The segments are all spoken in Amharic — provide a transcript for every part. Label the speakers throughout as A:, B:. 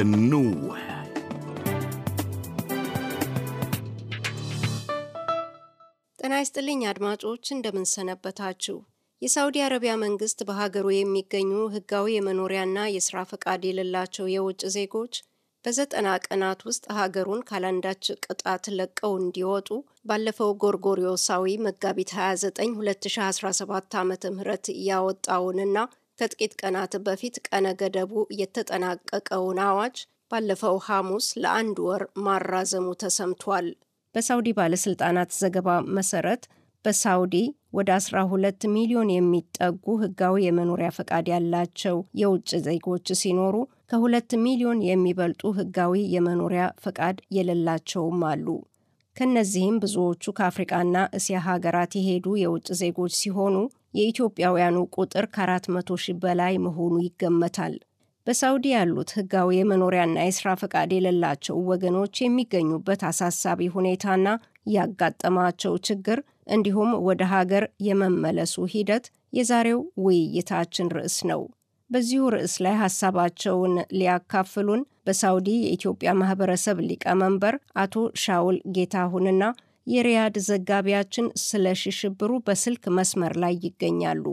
A: እንወያይ።
B: ጤና ይስጥልኝ አድማጮች፣ እንደምንሰነበታችሁ። የሳውዲ አረቢያ መንግስት በሀገሩ የሚገኙ ህጋዊ የመኖሪያና የስራ ፈቃድ የሌላቸው የውጭ ዜጎች በዘጠና ቀናት ውስጥ ሀገሩን ካላንዳች ቅጣት ለቀው እንዲወጡ ባለፈው ጎርጎሪዮሳዊ መጋቢት 29 2017 ዓ ም ያወጣውንና ከጥቂት ቀናት በፊት ቀነ ገደቡ የተጠናቀቀውን አዋጅ ባለፈው ሐሙስ ለአንድ ወር ማራዘሙ ተሰምቷል። በሳውዲ ባለሥልጣናት ዘገባ መሰረት በሳውዲ ወደ 12 ሚሊዮን የሚጠጉ ህጋዊ የመኖሪያ ፈቃድ ያላቸው የውጭ ዜጎች ሲኖሩ ከ2 ሚሊዮን የሚበልጡ ህጋዊ የመኖሪያ ፈቃድ የሌላቸውም አሉ። ከነዚህም ብዙዎቹ ከአፍሪቃና እስያ ሀገራት የሄዱ የውጭ ዜጎች ሲሆኑ የኢትዮጵያውያኑ ቁጥር ከአራት መቶ ሺህ በላይ መሆኑ ይገመታል። በሳውዲ ያሉት ህጋዊ የመኖሪያና የስራ ፈቃድ የሌላቸው ወገኖች የሚገኙበት አሳሳቢ ሁኔታና ያጋጠማቸው ችግር እንዲሁም ወደ ሀገር የመመለሱ ሂደት የዛሬው ውይይታችን ርዕስ ነው። በዚሁ ርዕስ ላይ ሀሳባቸውን ሊያካፍሉን በሳውዲ የኢትዮጵያ ማህበረሰብ ሊቀመንበር አቶ ሻውል ጌታሁንና የሪያድ ዘጋቢያችን ስለ ሽብሩ በስልክ መስመር ላይ ይገኛሉ።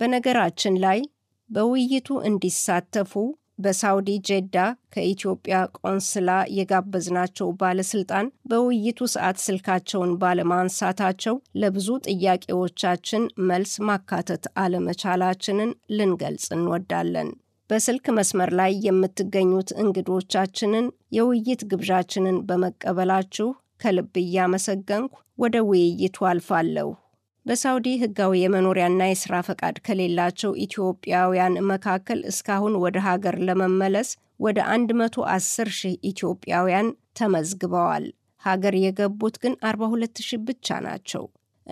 B: በነገራችን ላይ በውይይቱ እንዲሳተፉ በሳውዲ ጄዳ ከኢትዮጵያ ቆንስላ የጋበዝናቸው ባለስልጣን በውይይቱ ሰዓት ስልካቸውን ባለማንሳታቸው ለብዙ ጥያቄዎቻችን መልስ ማካተት አለመቻላችንን ልንገልጽ እንወዳለን። በስልክ መስመር ላይ የምትገኙት እንግዶቻችንን የውይይት ግብዣችንን በመቀበላችሁ ከልብ እያመሰገንኩ ወደ ውይይቱ አልፋለሁ። በሳውዲ ህጋዊ የመኖሪያና የስራ ፈቃድ ከሌላቸው ኢትዮጵያውያን መካከል እስካሁን ወደ ሀገር ለመመለስ ወደ 110 ሺህ ኢትዮጵያውያን ተመዝግበዋል። ሀገር የገቡት ግን 42 ሺህ ብቻ ናቸው።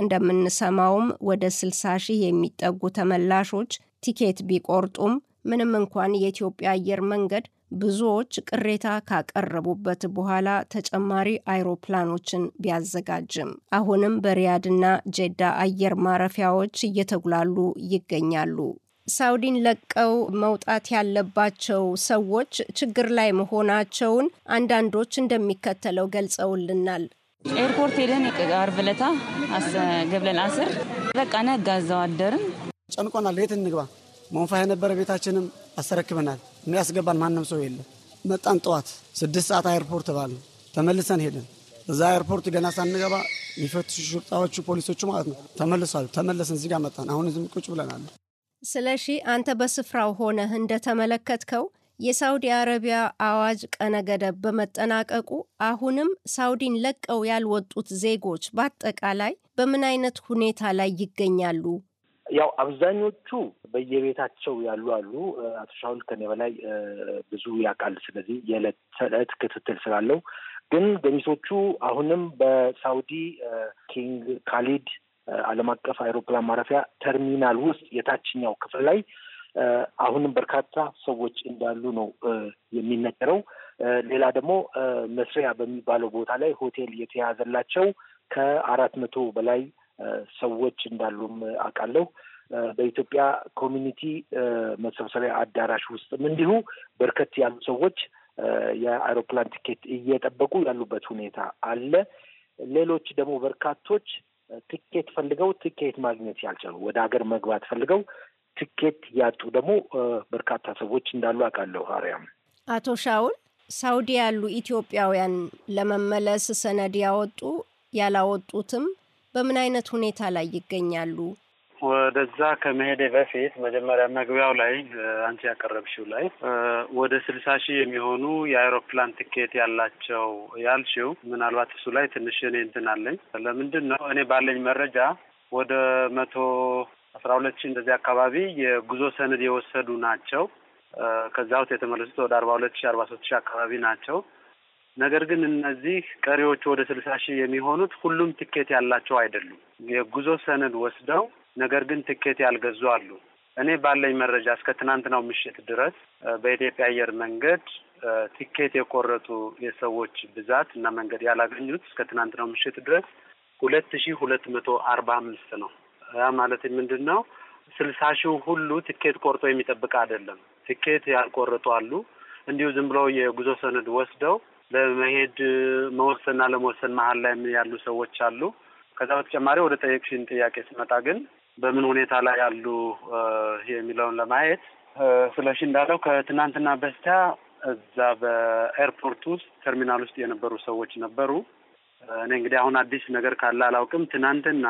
B: እንደምንሰማውም ወደ 60 ሺህ የሚጠጉ ተመላሾች ቲኬት ቢቆርጡም ምንም እንኳን የኢትዮጵያ አየር መንገድ ብዙዎች ቅሬታ ካቀረቡበት በኋላ ተጨማሪ አይሮፕላኖችን ቢያዘጋጅም አሁንም በሪያድና ጄዳ አየር ማረፊያዎች እየተጉላሉ ይገኛሉ። ሳውዲን ለቀው መውጣት ያለባቸው ሰዎች ችግር ላይ መሆናቸውን አንዳንዶች እንደሚከተለው ገልጸውልናል። ኤርፖርት ሄደን አርብ ዕለት ገብለን አስር በቃ ነጋ አደርን። ጨንቆናል። የት እንግባ መንፋ የነበረ
C: ቤታችንም አስረክበናል። የሚያስገባን ማንም ሰው የለም። መጣን ጠዋት ስድስት ሰዓት አይርፖርት ባለ ተመልሰን ሄደን እዛ አይርፖርት ገና ሳንገባ የሚፈትሹ ሹርጣዎቹ ፖሊሶቹ ማለት ነው ተመልሷል። ተመለስን እዚጋ መጣን። አሁን ዝም ቁጭ ብለናል።
B: ስለሺ አንተ በስፍራው ሆነህ እንደተመለከትከው የሳውዲ አረቢያ አዋጅ ቀነ ገደብ በመጠናቀቁ አሁንም ሳውዲን ለቀው ያልወጡት ዜጎች በአጠቃላይ በምን አይነት ሁኔታ ላይ ይገኛሉ?
A: ያው አብዛኞቹ በየቤታቸው ያሉ አሉ። አቶ ሻውል ከኔ በላይ ብዙ ያውቃል። ስለዚህ የዕለት ተዕለት ክትትል ስላለው ግን ገሚሶቹ አሁንም በሳውዲ ኪንግ ካሊድ ዓለም አቀፍ አውሮፕላን ማረፊያ ተርሚናል ውስጥ የታችኛው ክፍል ላይ አሁንም በርካታ ሰዎች እንዳሉ ነው የሚነገረው። ሌላ ደግሞ መስሪያ በሚባለው ቦታ ላይ ሆቴል የተያዘላቸው ከአራት መቶ በላይ ሰዎች እንዳሉም አውቃለሁ። በኢትዮጵያ ኮሚኒቲ መሰብሰቢያ አዳራሽ ውስጥም እንዲሁ በርከት ያሉ ሰዎች የአይሮፕላን ቲኬት እየጠበቁ ያሉበት ሁኔታ አለ። ሌሎች ደግሞ በርካቶች ትኬት ፈልገው ትኬት ማግኘት ያልቻሉ ወደ ሀገር መግባት ፈልገው ትኬት ያጡ ደግሞ በርካታ ሰዎች እንዳሉ አውቃለሁ። አርያም
B: አቶ ሻውል ሳውዲ ያሉ ኢትዮጵያውያን ለመመለስ ሰነድ ያወጡ ያላወጡትም በምን አይነት ሁኔታ ላይ ይገኛሉ?
C: ወደዛ ከመሄዴ በፊት መጀመሪያ መግቢያው ላይ አንቺ ያቀረብሽው ላይ ወደ ስልሳ ሺህ የሚሆኑ የአይሮፕላን ትኬት ያላቸው ያልሽው ምናልባት እሱ ላይ ትንሽ እኔ እንትን አለኝ። ለምንድን ነው እኔ ባለኝ መረጃ ወደ መቶ አስራ ሁለት ሺህ እንደዚህ አካባቢ የጉዞ ሰነድ የወሰዱ ናቸው። ከዛ ውስጥ የተመለሱት ወደ አርባ ሁለት ሺህ አርባ ሶስት ሺህ አካባቢ ናቸው። ነገር ግን እነዚህ ቀሪዎቹ ወደ ስልሳ ሺህ የሚሆኑት ሁሉም ትኬት ያላቸው አይደሉም። የጉዞ ሰነድ ወስደው ነገር ግን ትኬት ያልገዙ አሉ። እኔ ባለኝ መረጃ እስከ ትናንትናው ምሽት ድረስ በኢትዮጵያ አየር መንገድ ትኬት የቆረጡ የሰዎች ብዛት እና መንገድ ያላገኙት እስከ ትናንትናው ምሽት ድረስ ሁለት ሺህ ሁለት መቶ አርባ አምስት ነው። ያ ማለት ምንድን ነው? ስልሳ ሺው ሁሉ ትኬት ቆርጦ የሚጠብቅ አይደለም። ትኬት ያልቆረጡ አሉ። እንዲሁ ዝም ብለው የጉዞ ሰነድ ወስደው ለመሄድ መወሰንና ለመወሰን መሀል ላይ ያሉ ሰዎች አሉ። ከዛ በተጨማሪ ወደ ጠየቅሽን ጥያቄ ስመጣ ግን በምን ሁኔታ ላይ ያሉ የሚለውን ለማየት ስለሽ እንዳለው ከትናንትና በስቲያ እዛ በኤርፖርት ውስጥ ተርሚናል ውስጥ የነበሩ ሰዎች ነበሩ። እኔ እንግዲህ አሁን አዲስ ነገር ካለ አላውቅም። ትናንትና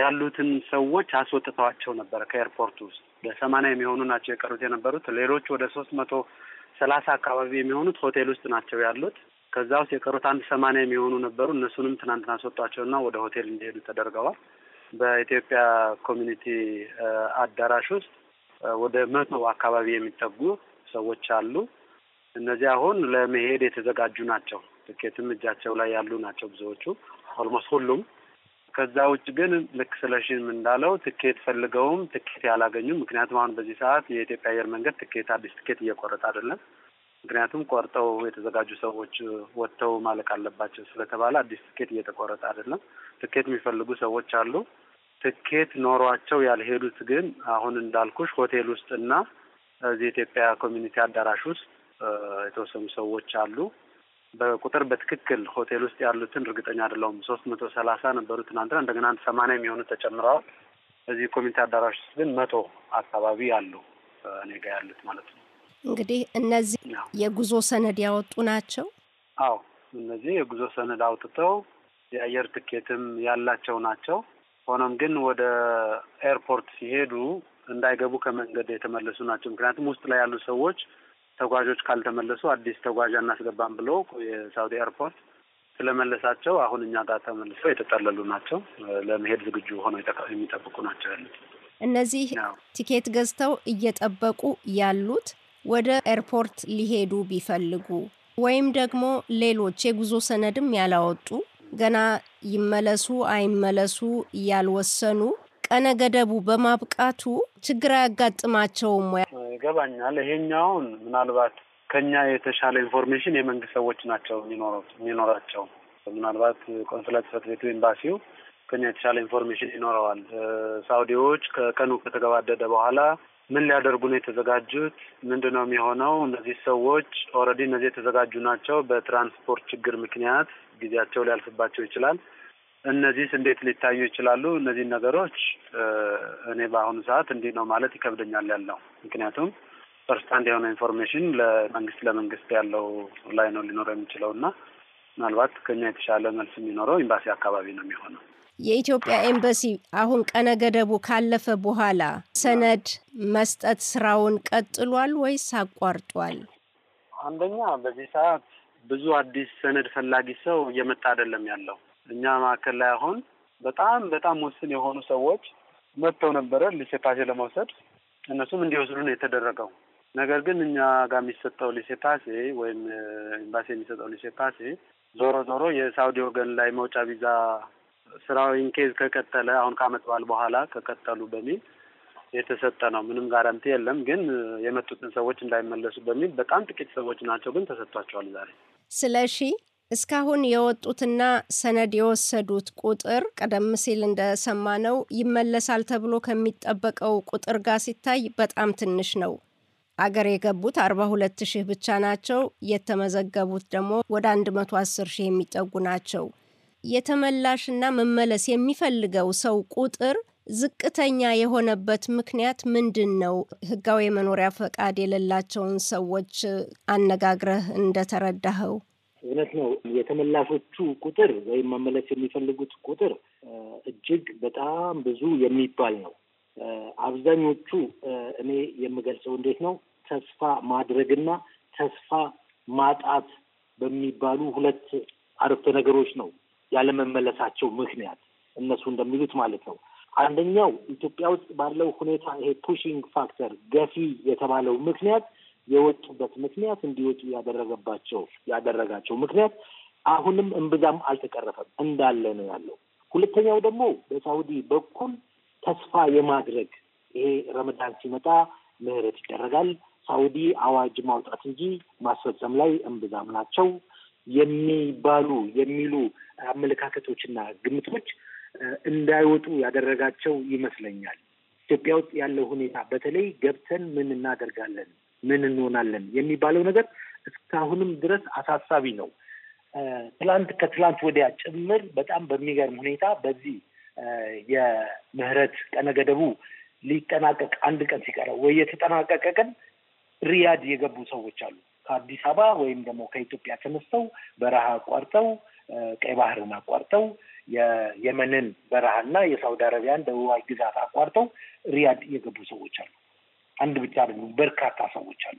C: ያሉትን ሰዎች አስወጥተዋቸው ነበረ ከኤርፖርት ውስጥ ለሰማንያ የሚሆኑ ናቸው የቀሩት የነበሩት። ሌሎች ወደ ሶስት መቶ ሰላሳ አካባቢ የሚሆኑት ሆቴል ውስጥ ናቸው ያሉት። ከዛ ውስጥ የቀሩት አንድ ሰማንያ የሚሆኑ ነበሩ። እነሱንም ትናንትና አስወጧቸውና ወደ ሆቴል እንዲሄዱ ተደርገዋል። በኢትዮጵያ ኮሚኒቲ አዳራሽ ውስጥ ወደ መቶ አካባቢ የሚጠጉ ሰዎች አሉ። እነዚህ አሁን ለመሄድ የተዘጋጁ ናቸው። ትኬትም እጃቸው ላይ ያሉ ናቸው ብዙዎቹ ኦልሞስት ሁሉም ከዛ ውጭ ግን ልክ ስለሽም እንዳለው ትኬት ፈልገውም ትኬት ያላገኙም። ምክንያቱም አሁን በዚህ ሰዓት የኢትዮጵያ አየር መንገድ ትኬት አዲስ ትኬት እየቆረጠ አይደለም። ምክንያቱም ቆርጠው የተዘጋጁ ሰዎች ወጥተው ማለቅ አለባቸው ስለተባለ አዲስ ትኬት እየተቆረጠ አይደለም። ትኬት የሚፈልጉ ሰዎች አሉ። ትኬት ኖሯቸው ያልሄዱት ግን አሁን እንዳልኩሽ ሆቴል ውስጥና እዚህ ኢትዮጵያ ኮሚኒቲ አዳራሽ ውስጥ የተወሰኑ ሰዎች አሉ። በቁጥር በትክክል ሆቴል ውስጥ ያሉትን እርግጠኛ አይደለሁም። ሶስት መቶ ሰላሳ ነበሩ ትናንትና፣ እንደገና አንድ ሰማንያ የሚሆኑ ተጨምረዋል። እዚህ ኮሚቴ አዳራሽ ውስጥ ግን መቶ አካባቢ አሉ እኔ ጋ ያሉት ማለት ነው።
B: እንግዲህ እነዚህ የጉዞ ሰነድ ያወጡ ናቸው።
C: አዎ እነዚህ የጉዞ ሰነድ አውጥተው የአየር ትኬትም ያላቸው ናቸው። ሆኖም ግን ወደ ኤርፖርት ሲሄዱ እንዳይገቡ ከመንገድ የተመለሱ ናቸው። ምክንያቱም ውስጥ ላይ ያሉ ሰዎች ተጓዦች ካልተመለሱ አዲስ ተጓዥ አናስገባም ብሎ የሳውዲ ኤርፖርት ስለመለሳቸው አሁን እኛ ጋር ተመልሰው የተጠለሉ ናቸው። ለመሄድ ዝግጁ ሆነው የሚጠብቁ ናቸው ያሉት
B: እነዚህ ቲኬት ገዝተው እየጠበቁ ያሉት ወደ ኤርፖርት ሊሄዱ ቢፈልጉ ወይም ደግሞ ሌሎች የጉዞ ሰነድም ያላወጡ ገና ይመለሱ አይመለሱ ያልወሰኑ ቀነ ገደቡ በማብቃቱ ችግር አያጋጥማቸውም ወይ?
C: ይገባኛል። ይሄኛውን ምናልባት ከኛ የተሻለ ኢንፎርሜሽን የመንግስት ሰዎች ናቸው የሚኖራቸው። ምናልባት ቆንስላ ጽሕፈት ቤቱ ኤምባሲው ከኛ የተሻለ ኢንፎርሜሽን ይኖረዋል። ሳውዲዎች ከቀኑ ከተገባደደ በኋላ ምን ሊያደርጉ ነው የተዘጋጁት? ምንድን ነው የሚሆነው? እነዚህ ሰዎች ኦልሬዲ እነዚህ የተዘጋጁ ናቸው። በትራንስፖርት ችግር ምክንያት ጊዜያቸው ሊያልፍባቸው ይችላል። እነዚህስ እንዴት ሊታዩ ይችላሉ? እነዚህን ነገሮች እኔ በአሁኑ ሰዓት እንዲህ ነው ማለት ይከብደኛል ያለው ምክንያቱም ፈርስታንድ የሆነ ኢንፎርሜሽን ለመንግስት ለመንግስት ያለው ላይ ነው ሊኖረው የሚችለው እና ምናልባት ከኛ የተሻለ መልስ የሚኖረው ኤምባሲ አካባቢ ነው የሚሆነው።
B: የኢትዮጵያ ኤምባሲ አሁን ቀነ ገደቡ ካለፈ በኋላ ሰነድ መስጠት ስራውን ቀጥሏል ወይስ አቋርጧል?
C: አንደኛ በዚህ ሰዓት ብዙ አዲስ ሰነድ ፈላጊ ሰው እየመጣ አይደለም ያለው እኛ ማዕከል ላይ አሁን በጣም በጣም ውስን የሆኑ ሰዎች መጥተው ነበረ ሊሴታሴ ለመውሰድ እነሱም እንዲወስዱ ነው የተደረገው። ነገር ግን እኛ ጋር የሚሰጠው ሊሴታሴ ወይም ኤምባሲ የሚሰጠው ሊሴታሴ ዞሮ ዞሮ የሳውዲ ወገን ላይ መውጫ ቪዛ ስራው ኢንኬዝ ከቀጠለ አሁን ከአመት በኋላ ከቀጠሉ በሚል የተሰጠ ነው። ምንም ጋራንቲ የለም። ግን የመጡትን ሰዎች እንዳይመለሱ በሚል በጣም ጥቂት ሰዎች ናቸው፣ ግን ተሰጥቷቸዋል። ዛሬ
B: ስለሺ እስካሁን የወጡትና ሰነድ የወሰዱት ቁጥር ቀደም ሲል እንደሰማነው ይመለሳል ተብሎ ከሚጠበቀው ቁጥር ጋር ሲታይ በጣም ትንሽ ነው። አገር የገቡት 42 ሺህ ብቻ ናቸው። የተመዘገቡት ደግሞ ወደ 110 ሺህ የሚጠጉ ናቸው። የተመላሽና መመለስ የሚፈልገው ሰው ቁጥር ዝቅተኛ የሆነበት ምክንያት ምንድን ነው? ህጋዊ የመኖሪያ ፈቃድ የሌላቸውን ሰዎች አነጋግረህ እንደተረዳኸው
A: እውነት ነው። የተመላሾቹ ቁጥር ወይም መመለስ የሚፈልጉት ቁጥር እጅግ በጣም ብዙ የሚባል ነው። አብዛኞቹ እኔ የምገልጸው እንዴት ነው ተስፋ ማድረግና ተስፋ ማጣት በሚባሉ ሁለት አረፍተ ነገሮች ነው ያለመመለሳቸው ምክንያት እነሱ እንደሚሉት ማለት ነው። አንደኛው ኢትዮጵያ ውስጥ ባለው ሁኔታ ይሄ ፑሽንግ ፋክተር ገፊ የተባለው ምክንያት የወጡበት ምክንያት እንዲወጡ ያደረገባቸው ያደረጋቸው ምክንያት አሁንም እምብዛም አልተቀረፈም እንዳለ ነው ያለው። ሁለተኛው ደግሞ በሳውዲ በኩል ተስፋ የማድረግ ይሄ ረመዳን ሲመጣ ምህረት ይደረጋል ሳውዲ አዋጅ ማውጣት እንጂ ማስፈጸም ላይ እምብዛም ናቸው የሚባሉ የሚሉ አመለካከቶችና ግምቶች እንዳይወጡ ያደረጋቸው ይመስለኛል። ኢትዮጵያ ውስጥ ያለው ሁኔታ በተለይ ገብተን ምን እናደርጋለን ምን እንሆናለን የሚባለው ነገር እስካሁንም ድረስ አሳሳቢ ነው። ትላንት ከትላንት ወዲያ ጭምር በጣም በሚገርም ሁኔታ በዚህ የምህረት ቀነ ገደቡ ሊጠናቀቅ አንድ ቀን ሲቀረው ወይ የተጠናቀቀ ቀን ሪያድ የገቡ ሰዎች አሉ። ከአዲስ አበባ ወይም ደግሞ ከኢትዮጵያ ተነስተው በረሃ አቋርጠው ቀይ ባህርን አቋርጠው የየመንን በረሃና የሳውዲ አረቢያን ደቡባዊ ግዛት አቋርጠው ሪያድ የገቡ ሰዎች አሉ። አንድ ብቻ አይደሉም፣ በርካታ ሰዎች አሉ።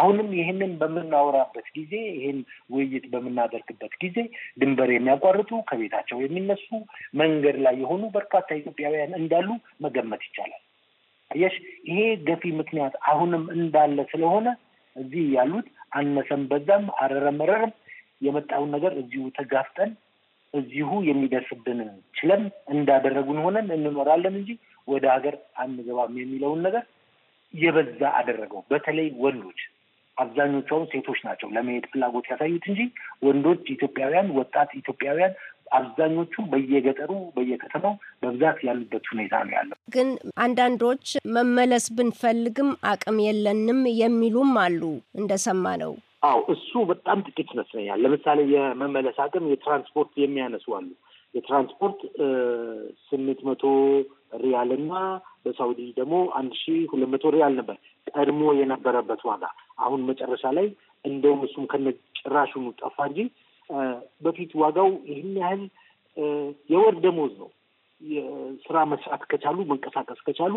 A: አሁንም ይህንን በምናወራበት ጊዜ ይህን ውይይት በምናደርግበት ጊዜ ድንበር የሚያቋርጡ ከቤታቸው የሚነሱ መንገድ ላይ የሆኑ በርካታ ኢትዮጵያውያን እንዳሉ መገመት ይቻላል። አየሽ፣ ይሄ ገፊ ምክንያት አሁንም እንዳለ ስለሆነ እዚህ ያሉት አነሰም በዛም አረረም መረርም የመጣውን ነገር እዚሁ ተጋፍጠን እዚሁ የሚደርስብን ችለን እንዳደረጉን ሆነን እንኖራለን እንጂ ወደ ሀገር አንገባም የሚለውን ነገር የበዛ አደረገው። በተለይ ወንዶች አብዛኞቹ አሁን ሴቶች ናቸው ለመሄድ ፍላጎት ያሳዩት እንጂ ወንዶች ኢትዮጵያውያን፣ ወጣት ኢትዮጵያውያን አብዛኞቹ በየገጠሩ በየከተማው በብዛት ያሉበት ሁኔታ ነው ያለው።
B: ግን አንዳንዶች መመለስ ብንፈልግም አቅም የለንም የሚሉም አሉ እንደሰማ ነው።
A: አዎ እሱ በጣም ጥቂት ይመስለኛል። ለምሳሌ የመመለስ አቅም የትራንስፖርት የሚያነሱ አሉ። የትራንስፖርት ስምንት መቶ ሪያል እና በሳውዲ ደግሞ አንድ ሺ ሁለት መቶ ሪያል ነበር ቀድሞ የነበረበት ዋጋ። አሁን መጨረሻ ላይ እንደውም እሱም ከነ ጭራሹኑ ጠፋ እንጂ በፊት ዋጋው ይህን ያህል የወር ደሞዝ ነው። ስራ መስራት ከቻሉ መንቀሳቀስ ከቻሉ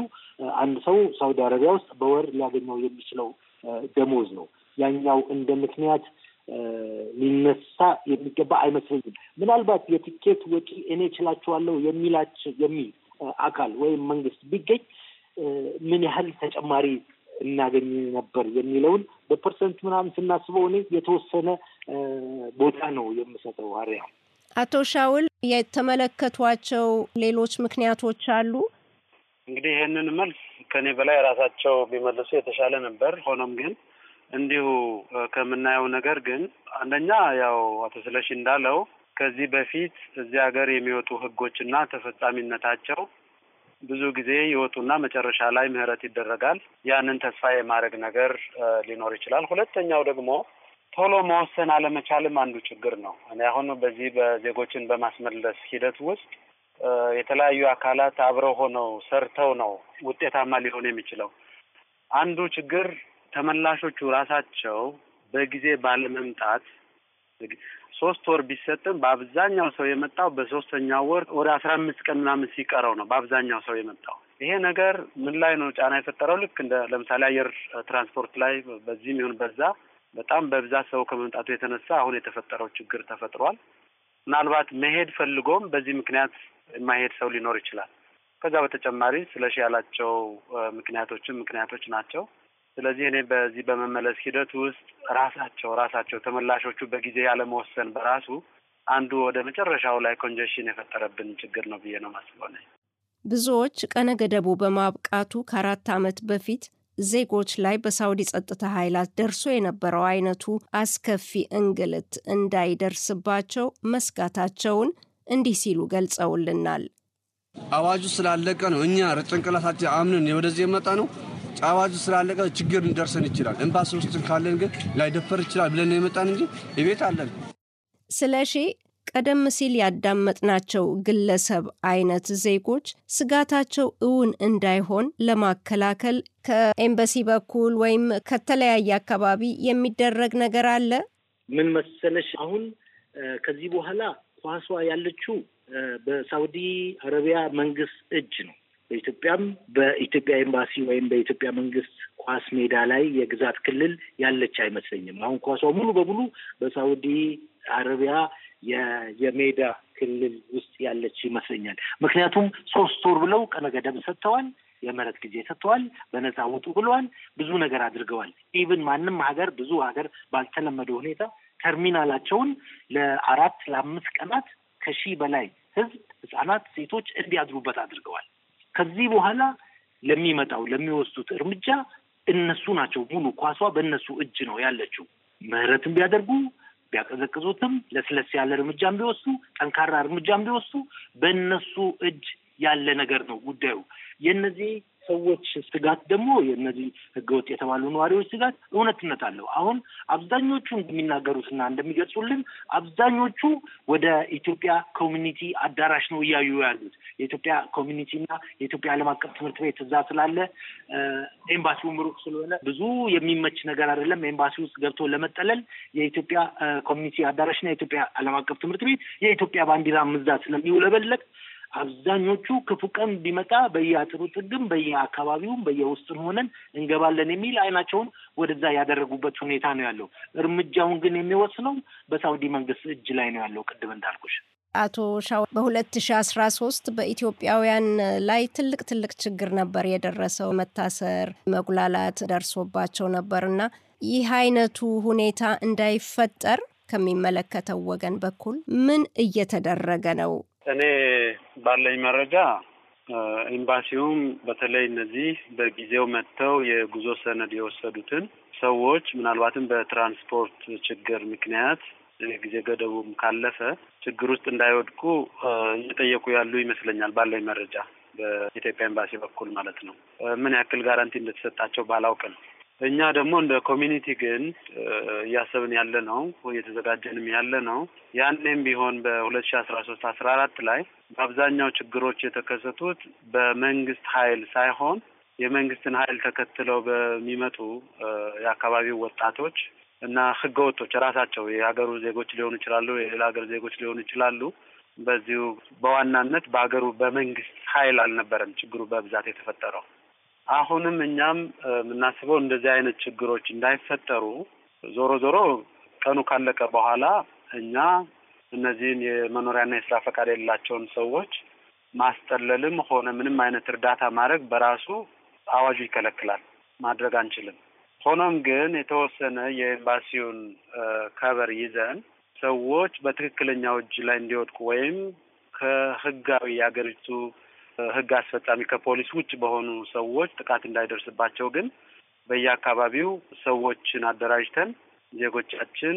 A: አንድ ሰው ሳውዲ አረቢያ ውስጥ በወር ሊያገኘው የሚችለው ደሞዝ ነው። ያኛው እንደ ምክንያት ሊነሳ የሚገባ አይመስለኝም። ምናልባት የትኬት ወጪ እኔ እችላቸዋለሁ የሚላች የሚል አካል ወይም መንግስት ቢገኝ ምን ያህል ተጨማሪ እናገኝ ነበር የሚለውን በፐርሰንት ምናምን ስናስበው እኔ የተወሰነ ቦታ ነው
C: የምሰጠው። አሪያ
B: አቶ ሻውል የተመለከቷቸው ሌሎች ምክንያቶች አሉ?
C: እንግዲህ ይህንን መልስ ከኔ በላይ ራሳቸው ቢመልሱ የተሻለ ነበር። ሆኖም ግን እንዲሁ ከምናየው ነገር ግን አንደኛ ያው አቶ ስለሺ እንዳለው ከዚህ በፊት እዚህ ሀገር የሚወጡ ህጎችና ተፈጻሚነታቸው ብዙ ጊዜ ይወጡና መጨረሻ ላይ ምህረት ይደረጋል። ያንን ተስፋ የማድረግ ነገር ሊኖር ይችላል። ሁለተኛው ደግሞ ቶሎ መወሰን አለመቻልም አንዱ ችግር ነው። እኔ አሁን በዚህ በዜጎችን በማስመለስ ሂደት ውስጥ የተለያዩ አካላት አብረው ሆነው ሰርተው ነው ውጤታማ ሊሆን የሚችለው። አንዱ ችግር ተመላሾቹ ራሳቸው በጊዜ ባለመምጣት ሶስት ወር ቢሰጥም በአብዛኛው ሰው የመጣው በሶስተኛው ወር ወደ አስራ አምስት ቀን ምናምን ሲቀረው ነው በአብዛኛው ሰው የመጣው። ይሄ ነገር ምን ላይ ነው ጫና የፈጠረው? ልክ እንደ ለምሳሌ አየር ትራንስፖርት ላይ በዚህም ይሁን በዛ በጣም በብዛት ሰው ከመምጣቱ የተነሳ አሁን የተፈጠረው ችግር ተፈጥሯል። ምናልባት መሄድ ፈልጎም በዚህ ምክንያት የማይሄድ ሰው ሊኖር ይችላል። ከዛ በተጨማሪ ስለሺ ያላቸው ምክንያቶችም ምክንያቶች ናቸው። ስለዚህ እኔ በዚህ በመመለስ ሂደት ውስጥ ራሳቸው ራሳቸው ተመላሾቹ በጊዜ ያለመወሰን በራሱ አንዱ ወደ መጨረሻው ላይ ኮንጀሽን የፈጠረብን ችግር ነው ብዬ ነው ማስበው።
B: ብዙዎች ቀነ ገደቡ በማብቃቱ ከአራት ዓመት በፊት ዜጎች ላይ በሳውዲ ጸጥታ ኃይላት ደርሶ የነበረው አይነቱ አስከፊ እንግልት እንዳይደርስባቸው መስጋታቸውን እንዲህ ሲሉ ገልጸውልናል።
C: አዋጁ ስላለቀ ነው እኛ ጭንቅላታችን አምንን ወደዚህ የመጣ ነው አዋጁ ስላለቀ ችግር እንደርሰን ይችላል። ኤምባሲ ውስጥ ካለን ግን ላይደፈር ይችላል ብለን ነው የመጣን እንጂ ቤት አለን።
B: ስለሺ ቀደም ሲል ያዳመጥናቸው ግለሰብ አይነት ዜጎች ስጋታቸው እውን እንዳይሆን ለማከላከል ከኤምባሲ በኩል ወይም ከተለያየ አካባቢ የሚደረግ ነገር አለ።
A: ምን መሰለሽ፣ አሁን ከዚህ በኋላ ኳሷ ያለችው በሳውዲ አረቢያ መንግስት እጅ ነው። በኢትዮጵያም በኢትዮጵያ ኤምባሲ ወይም በኢትዮጵያ መንግስት ኳስ ሜዳ ላይ የግዛት ክልል ያለች አይመስለኝም። አሁን ኳሷ ሙሉ በሙሉ በሳውዲ አረቢያ የሜዳ ክልል ውስጥ ያለች ይመስለኛል። ምክንያቱም ሶስት ወር ብለው ቀነ ገደብ ሰጥተዋል። የምህረት ጊዜ ሰጥተዋል። በነፃ ውጡ ብለዋል። ብዙ ነገር አድርገዋል። ኢቭን ማንም ሀገር ብዙ ሀገር ባልተለመደ ሁኔታ ተርሚናላቸውን ለአራት ለአምስት ቀናት ከሺህ በላይ ህዝብ፣ ህጻናት፣ ሴቶች እንዲያድሩበት አድርገዋል። ከዚህ በኋላ ለሚመጣው ለሚወስዱት እርምጃ እነሱ ናቸው። ሙሉ ኳሷ በእነሱ እጅ ነው ያለችው። ምህረትም ቢያደርጉ ቢያቀዘቅዙትም፣ ለስለስ ያለ እርምጃም ቢወስዱ፣ ጠንካራ እርምጃም ቢወስዱ በእነሱ እጅ ያለ ነገር ነው ጉዳዩ የእነዚህ ሰዎች ስጋት ደግሞ የእነዚህ ህገወጥ የተባሉ ነዋሪዎች ስጋት እውነትነት አለው። አሁን አብዛኞቹ እንደሚናገሩትና እንደሚገልጹልን አብዛኞቹ ወደ ኢትዮጵያ ኮሚኒቲ አዳራሽ ነው እያዩ ያሉት። የኢትዮጵያ ኮሚኒቲ እና የኢትዮጵያ ዓለም አቀፍ ትምህርት ቤት እዛ ስላለ ኤምባሲውም ሩቅ ስለሆነ ብዙ የሚመች ነገር አይደለም። ኤምባሲ ውስጥ ገብቶ ለመጠለል የኢትዮጵያ ኮሚኒቲ አዳራሽ የኢትዮጵያ ዓለም አቀፍ ትምህርት ቤት የኢትዮጵያ ባንዲራ ምዛ ስለሚውለበለቅ አብዛኞቹ ክፉ ቀን ቢመጣ በየአጥሩ ጥግም በየአካባቢውም በየውስጥም ሆነን እንገባለን የሚል አይናቸውን ወደዛ ያደረጉበት ሁኔታ ነው ያለው። እርምጃውን ግን የሚወስነው በሳውዲ መንግስት እጅ ላይ ነው ያለው። ቅድም እንዳልኩሽ
B: አቶ ሻው በሁለት ሺ አስራ ሶስት በኢትዮጵያውያን ላይ ትልቅ ትልቅ ችግር ነበር የደረሰው። መታሰር፣ መጉላላት ደርሶባቸው ነበር እና ይህ አይነቱ ሁኔታ እንዳይፈጠር ከሚመለከተው ወገን በኩል ምን እየተደረገ ነው?
C: እኔ ባለኝ መረጃ ኤምባሲውም በተለይ እነዚህ በጊዜው መጥተው የጉዞ ሰነድ የወሰዱትን ሰዎች ምናልባትም በትራንስፖርት ችግር ምክንያት ጊዜ ገደቡም ካለፈ ችግር ውስጥ እንዳይወድቁ እየጠየቁ ያሉ ይመስለኛል ባለኝ መረጃ በኢትዮጵያ ኤምባሲ በኩል ማለት ነው። ምን ያክል ጋራንቲ እንደተሰጣቸው ባላውቅም እኛ ደግሞ እንደ ኮሚኒቲ ግን እያሰብን ያለ ነው እየተዘጋጀንም ያለ ነው። ያኔም ቢሆን በሁለት ሺ አስራ ሶስት አስራ አራት ላይ በአብዛኛው ችግሮች የተከሰቱት በመንግስት ኃይል ሳይሆን የመንግስትን ኃይል ተከትለው በሚመጡ የአካባቢው ወጣቶች እና ህገወጦች ራሳቸው የሀገሩ ዜጎች ሊሆኑ ይችላሉ፣ የሌላ ሀገር ዜጎች ሊሆኑ ይችላሉ። በዚሁ በዋናነት በሀገሩ በመንግስት ኃይል አልነበረም ችግሩ በብዛት የተፈጠረው አሁንም እኛም የምናስበው እንደዚህ አይነት ችግሮች እንዳይፈጠሩ ዞሮ ዞሮ ቀኑ ካለቀ በኋላ እኛ እነዚህን የመኖሪያና የስራ ፈቃድ የሌላቸውን ሰዎች ማስጠለልም ሆነ ምንም አይነት እርዳታ ማድረግ በራሱ አዋጁ ይከለክላል። ማድረግ አንችልም። ሆኖም ግን የተወሰነ የኤምባሲውን ከበር ይዘን ሰዎች በትክክለኛው እጅ ላይ እንዲወድቁ ወይም ከህጋዊ የሀገሪቱ ህግ አስፈጻሚ ከፖሊስ ውጭ በሆኑ ሰዎች ጥቃት እንዳይደርስባቸው ግን በየአካባቢው ሰዎችን አደራጅተን ዜጎቻችን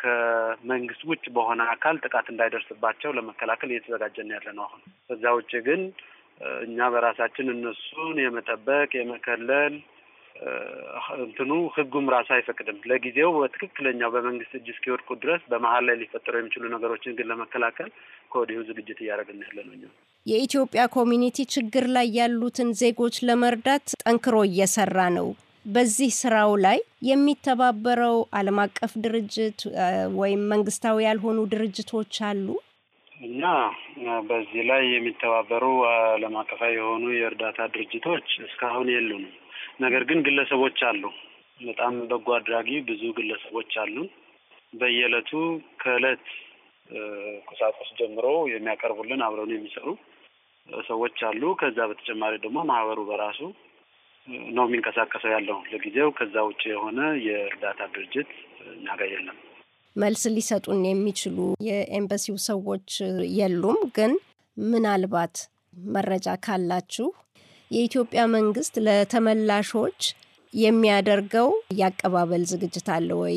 C: ከመንግስት ውጭ በሆነ አካል ጥቃት እንዳይደርስባቸው ለመከላከል እየተዘጋጀን ያለ ነው። አሁን ከዛ ውጭ ግን እኛ በራሳችን እነሱን የመጠበቅ የመከለል እንትኑ ህጉም ራሱ አይፈቅድም። ለጊዜው በትክክለኛው በመንግስት እጅ እስኪወድቁ ድረስ በመሀል ላይ ሊፈጠሩ የሚችሉ ነገሮችን ግን ለመከላከል ከወዲሁ ዝግጅት እያደረግን ያለ ነው።
B: የኢትዮጵያ ኮሚኒቲ ችግር ላይ ያሉትን ዜጎች ለመርዳት ጠንክሮ እየሰራ ነው። በዚህ ስራው ላይ የሚተባበረው ዓለም አቀፍ ድርጅት ወይም መንግስታዊ ያልሆኑ ድርጅቶች አሉ
C: እና በዚህ ላይ የሚተባበሩ ዓለም አቀፋዊ የሆኑ የእርዳታ ድርጅቶች እስካሁን የሉንም። ነገር ግን ግለሰቦች አሉ። በጣም በጎ አድራጊ ብዙ ግለሰቦች አሉ። በየዕለቱ ከእለት ቁሳቁስ ጀምሮ የሚያቀርቡልን አብረውን የሚሰሩ ሰዎች አሉ። ከዛ በተጨማሪ ደግሞ ማህበሩ በራሱ ነው የሚንቀሳቀሰው ያለው ለጊዜው። ከዛ ውጭ የሆነ የእርዳታ ድርጅት እኛ ጋር የለም።
B: መልስ ሊሰጡን የሚችሉ የኤምባሲው ሰዎች የሉም። ግን ምናልባት መረጃ ካላችሁ የኢትዮጵያ መንግስት ለተመላሾች የሚያደርገው የአቀባበል ዝግጅት አለ ወይ?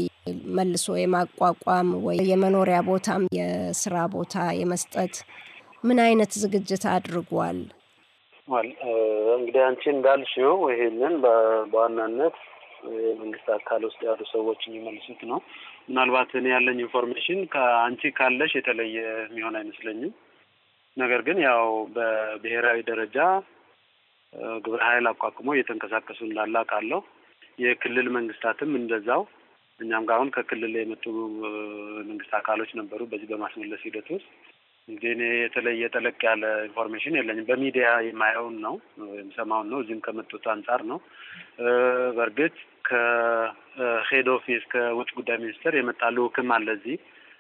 B: መልሶ የማቋቋም ወይ የመኖሪያ ቦታም የስራ ቦታ የመስጠት ምን አይነት ዝግጅት አድርጓል?
C: እንግዲህ አንቺ እንዳልሽው ይሄንን በዋናነት የመንግስት አካል ውስጥ ያሉ ሰዎች የሚመልሱት ነው። ምናልባት እኔ ያለኝ ኢንፎርሜሽን ከአንቺ ካለሽ የተለየ የሚሆን አይመስለኝም። ነገር ግን ያው በብሔራዊ ደረጃ ግብረ ኃይል አቋቁሞ እየተንቀሳቀሱ እንዳለ አውቃለሁ። የክልል መንግስታትም እንደዛው እኛም ጋር አሁን ከክልል የመጡ መንግስት አካሎች ነበሩ በዚህ በማስመለስ ሂደት ውስጥ እንግዲህ እኔ የተለየ ጠለቅ ያለ ኢንፎርሜሽን የለኝም። በሚዲያ የማየውን ነው የሚሰማውን ነው እዚህም ከመጡት አንጻር ነው። በእርግጥ ከሄድ ኦፊስ ከውጭ ጉዳይ ሚኒስቴር የመጣ ልዑክም አለ እዚህ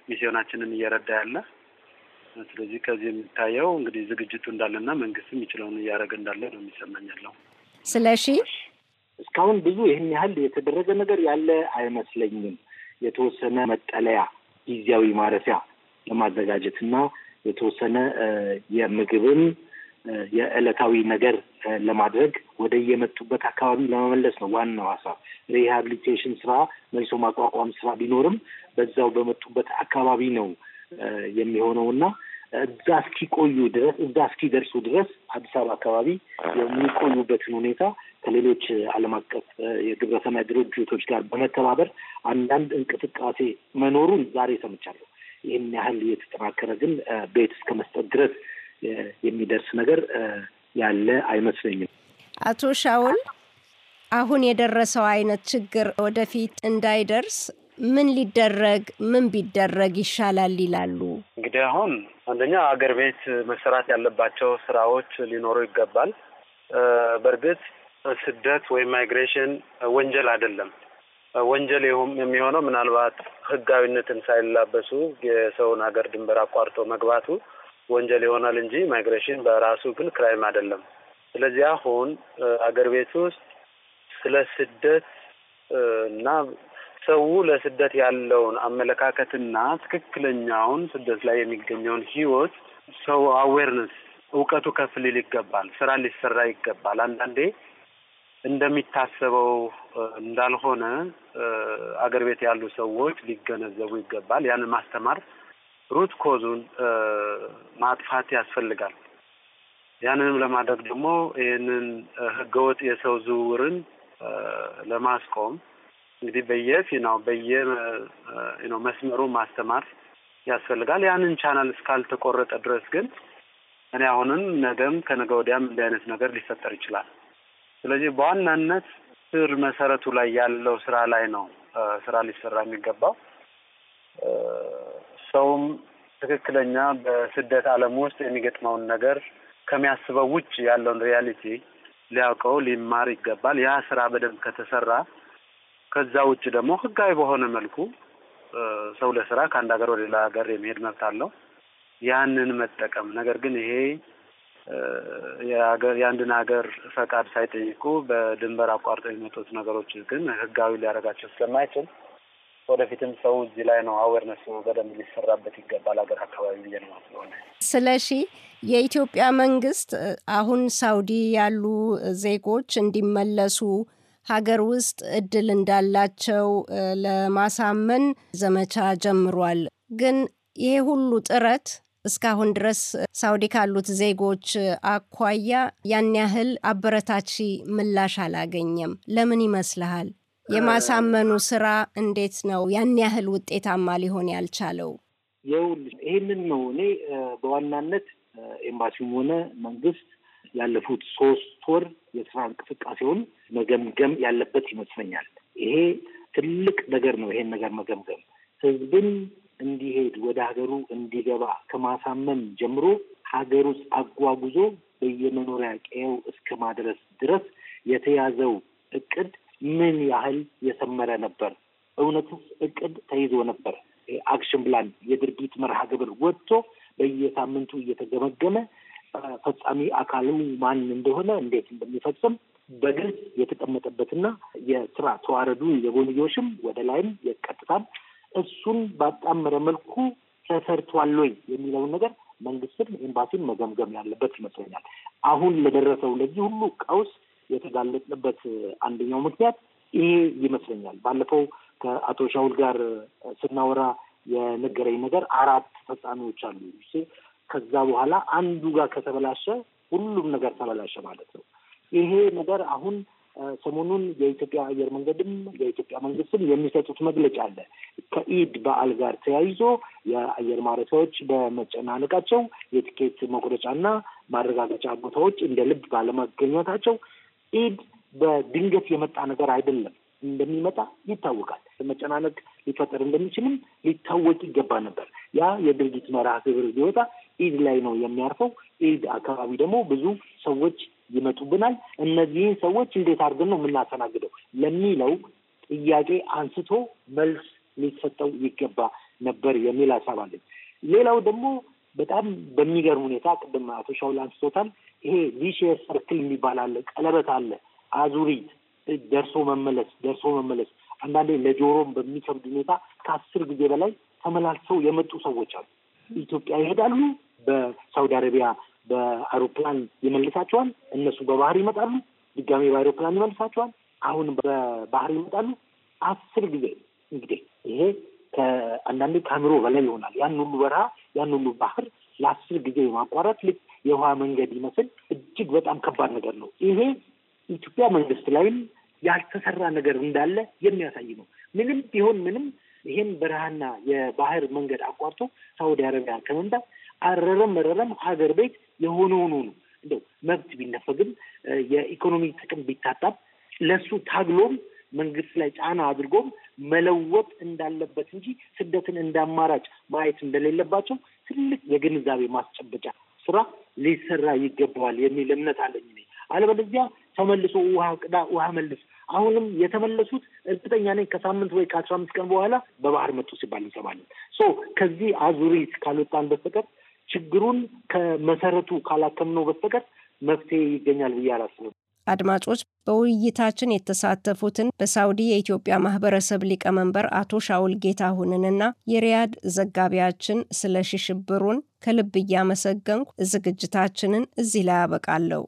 C: ሚስዮናችንን እየረዳ ያለ። ስለዚህ ከዚህ የሚታየው እንግዲህ ዝግጅቱ እንዳለና መንግስትም ይችለውን እያደረገ እንዳለ ነው የሚሰማኝ ያለው።
A: ስለሺ እስካሁን ብዙ ይህን ያህል የተደረገ ነገር ያለ አይመስለኝም። የተወሰነ መጠለያ ጊዜያዊ ማረፊያ ለማዘጋጀት እና የተወሰነ የምግብም የዕለታዊ ነገር ለማድረግ ወደ የመጡበት አካባቢ ለመመለስ ነው ዋናው ሀሳብ። ሪሃብሊቴሽን ስራ፣ መልሶ ማቋቋም ስራ ቢኖርም በዛው በመጡበት አካባቢ ነው የሚሆነው እና እዛ እስኪቆዩ ድረስ እዛ እስኪደርሱ ድረስ አዲስ አበባ አካባቢ የሚቆዩበትን ሁኔታ ከሌሎች ዓለም አቀፍ የግብረሰናይ ድርጅቶች ጋር በመተባበር አንዳንድ እንቅስቃሴ መኖሩን ዛሬ ሰምቻለሁ። ይህን ያህል የተጠናከረ ግን ቤት እስከ መስጠት ድረስ የሚደርስ ነገር ያለ አይመስለኝም።
B: አቶ ሻውል አሁን የደረሰው አይነት ችግር ወደፊት እንዳይደርስ ምን ሊደረግ ምን ቢደረግ ይሻላል ይላሉ?
C: እንግዲህ አሁን አንደኛ አገር ቤት መሰራት ያለባቸው ስራዎች ሊኖሩ ይገባል። በእርግጥ ስደት ወይም ማይግሬሽን ወንጀል አይደለም። ወንጀል የሚሆነው ምናልባት ህጋዊነትን ሳይላበሱ የሰውን ሀገር ድንበር አቋርጦ መግባቱ ወንጀል ይሆናል እንጂ ማይግሬሽን በራሱ ግን ክራይም አይደለም። ስለዚህ አሁን አገር ቤት ውስጥ ስለ ስደት እና ሰው ለስደት ያለውን አመለካከትና ትክክለኛውን ስደት ላይ የሚገኘውን ህይወት ሰው አዌርነስ እውቀቱ ከፍ ሊል ይገባል። ስራ ሊሰራ ይገባል። አንዳንዴ እንደሚታሰበው እንዳልሆነ አገር ቤት ያሉ ሰዎች ሊገነዘቡ ይገባል። ያንን ማስተማር ሩት ኮዙን ማጥፋት ያስፈልጋል። ያንንም ለማድረግ ደግሞ ይህንን ህገወጥ የሰው ዝውውርን ለማስቆም እንግዲህ በየፊናው በየ መስመሩ ማስተማር ያስፈልጋል። ያንን ቻናል እስካልተቆረጠ ድረስ ግን እኔ አሁንም ነገም ከነገ ወዲያም እንዲህ አይነት ነገር ሊፈጠር ይችላል። ስለዚህ በዋናነት ስር መሰረቱ ላይ ያለው ስራ ላይ ነው ስራ ሊሰራ የሚገባው። ሰውም ትክክለኛ በስደት ዓለም ውስጥ የሚገጥመውን ነገር ከሚያስበው ውጭ ያለውን ሪያሊቲ ሊያውቀው ሊማር ይገባል። ያ ስራ በደንብ ከተሰራ ከዛ ውጭ ደግሞ ህጋዊ በሆነ መልኩ ሰው ለስራ ከአንድ ሀገር ወደ ሌላ ሀገር የመሄድ መብት አለው። ያንን መጠቀም ነገር ግን ይሄ የአንድን ሀገር ፈቃድ ሳይጠይቁ በድንበር አቋርጠው የሚመጡት ነገሮች ግን ህጋዊ ሊያደርጋቸው ስለማይችል ወደፊትም ሰው እዚህ ላይ ነው አዌርነሱ በደንብ ሊሰራበት ይገባል። ሀገር አካባቢ ብዬ ነው ስለሆነ
B: ስለሺ የኢትዮጵያ መንግስት አሁን ሳውዲ ያሉ ዜጎች እንዲመለሱ ሀገር ውስጥ እድል እንዳላቸው ለማሳመን ዘመቻ ጀምሯል። ግን ይሄ ሁሉ ጥረት እስካሁን ድረስ ሳውዲ ካሉት ዜጎች አኳያ ያን ያህል አበረታች ምላሽ አላገኘም። ለምን ይመስልሃል? የማሳመኑ ስራ እንዴት ነው ያን ያህል ውጤታማ ሊሆን ያልቻለው?
A: ይኸውልሽ ይህንን ነው እኔ በዋናነት ኤምባሲውም ሆነ መንግስት ያለፉት ሶስት ወር የስራ እንቅስቃሴውን መገምገም ያለበት ይመስለኛል። ይሄ ትልቅ ነገር ነው። ይሄን ነገር መገምገም ህዝብን እንዲሄድ ወደ ሀገሩ እንዲገባ ከማሳመን ጀምሮ ሀገር ውስጥ አጓጉዞ በየመኖሪያ ቀየው እስከ ማድረስ ድረስ የተያዘው እቅድ ምን ያህል የሰመረ ነበር? እውነቱ እቅድ ተይዞ ነበር? አክሽን ፕላን የድርጊት መርሃ ግብር ወጥቶ በየሳምንቱ እየተገመገመ ፈጻሚ አካሉ ማን እንደሆነ እንዴት እንደሚፈጽም በግልጽ የተቀመጠበትና የስራ ተዋረዱ የጎንዮሽም ወደ ላይም የቀጥታም እሱን ባጣመረ መልኩ ተሰርቷል ወይ የሚለውን ነገር መንግስትም ኤምባሲን መገምገም ያለበት ይመስለኛል። አሁን ለደረሰው ለዚህ ሁሉ ቀውስ የተጋለጥንበት አንደኛው ምክንያት ይሄ ይመስለኛል። ባለፈው ከአቶ ሻውል ጋር ስናወራ የነገረኝ ነገር አራት ፈጻሚዎች አሉ። ከዛ በኋላ አንዱ ጋር ከተበላሸ ሁሉም ነገር ተበላሸ ማለት ነው። ይሄ ነገር አሁን ሰሞኑን የኢትዮጵያ አየር መንገድም የኢትዮጵያ መንግስትም የሚሰጡት መግለጫ አለ። ከኢድ በዓል ጋር ተያይዞ የአየር ማረፊያዎች በመጨናነቃቸው የትኬት መቁረጫና ማረጋገጫ ቦታዎች እንደ ልብ ባለመገኘታቸው ኢድ በድንገት የመጣ ነገር አይደለም። እንደሚመጣ ይታወቃል። መጨናነቅ ሊፈጠር እንደሚችልም ሊታወቅ ይገባ ነበር። ያ የድርጊት መርሃ ግብር ቢወጣ ኢድ ላይ ነው የሚያርፈው። ኢድ አካባቢ ደግሞ ብዙ ሰዎች ይመጡብናል። እነዚህን ሰዎች እንዴት አድርገን ነው የምናስተናግደው ለሚለው ጥያቄ አንስቶ መልስ ሊሰጠው ይገባ ነበር የሚል ሀሳብ አለኝ። ሌላው ደግሞ በጣም በሚገርም ሁኔታ ቅድም አቶ ሻውል አንስቶታል። ይሄ ቪሺየስ ሰርክል የሚባል አለ፣ ቀለበት አለ፣ አዙሪት፣ ደርሶ መመለስ ደርሶ መመለስ። አንዳንዴ ለጆሮም በሚከብድ ሁኔታ ከአስር ጊዜ በላይ ተመላልሰው የመጡ ሰዎች አሉ። ኢትዮጵያ ይሄዳሉ፣ በሳውዲ አረቢያ በአውሮፕላን ይመልሳቸዋል። እነሱ በባህር ይመጣሉ፣ ድጋሜ በአውሮፕላን ይመልሳቸዋል። አሁን በባህር ይመጣሉ። አስር ጊዜ እንግዲህ ይሄ ከአንዳንዴ ከአእምሮ በላይ ይሆናል። ያን ሁሉ በረሃ ያን ሁሉ ባህር ለአስር ጊዜ ማቋረጥ ልክ የውሃ መንገድ ይመስል እጅግ በጣም ከባድ ነገር ነው። ይሄ ኢትዮጵያ መንግስት ላይም ያልተሰራ ነገር እንዳለ የሚያሳይ ነው። ምንም ቢሆን ምንም ይሄን በረሃና የባህር መንገድ አቋርጦ ሳውዲ አረቢያ ከመምጣት አረረም መረረም ሀገር ቤት የሆነውን ሆኑ እንደው መብት ቢነፈግም የኢኮኖሚ ጥቅም ቢታጣም ለሱ ታግሎም መንግስት ላይ ጫና አድርጎም መለወጥ እንዳለበት እንጂ ስደትን እንዳማራጭ ማየት እንደሌለባቸው ትልቅ የግንዛቤ ማስጨበጫ ስራ ሊሰራ ይገባዋል የሚል እምነት አለኝ። አለበለዚያ ተመልሶ ውሃ ቅዳ ውሃ መልስ። አሁንም የተመለሱት እርግጠኛ ነኝ ከሳምንት ወይ ከአስራ አምስት ቀን በኋላ በባህር መጥቶ ሲባል እንሰማለን። ሶ ከዚህ አዙሪት ካልወጣን በስተቀር ችግሩን ከመሰረቱ ካላከምነው በስተቀር መፍትሄ ይገኛል ብዬ አላስብም።
B: አድማጮች በውይይታችን የተሳተፉትን በሳውዲ የኢትዮጵያ ማህበረሰብ ሊቀመንበር አቶ ሻውል ጌታሁንንና የሪያድ ዘጋቢያችን ስለ ሽሽብሩን ከልብ እያመሰገንኩ ዝግጅታችንን እዚህ ላይ አበቃለሁ።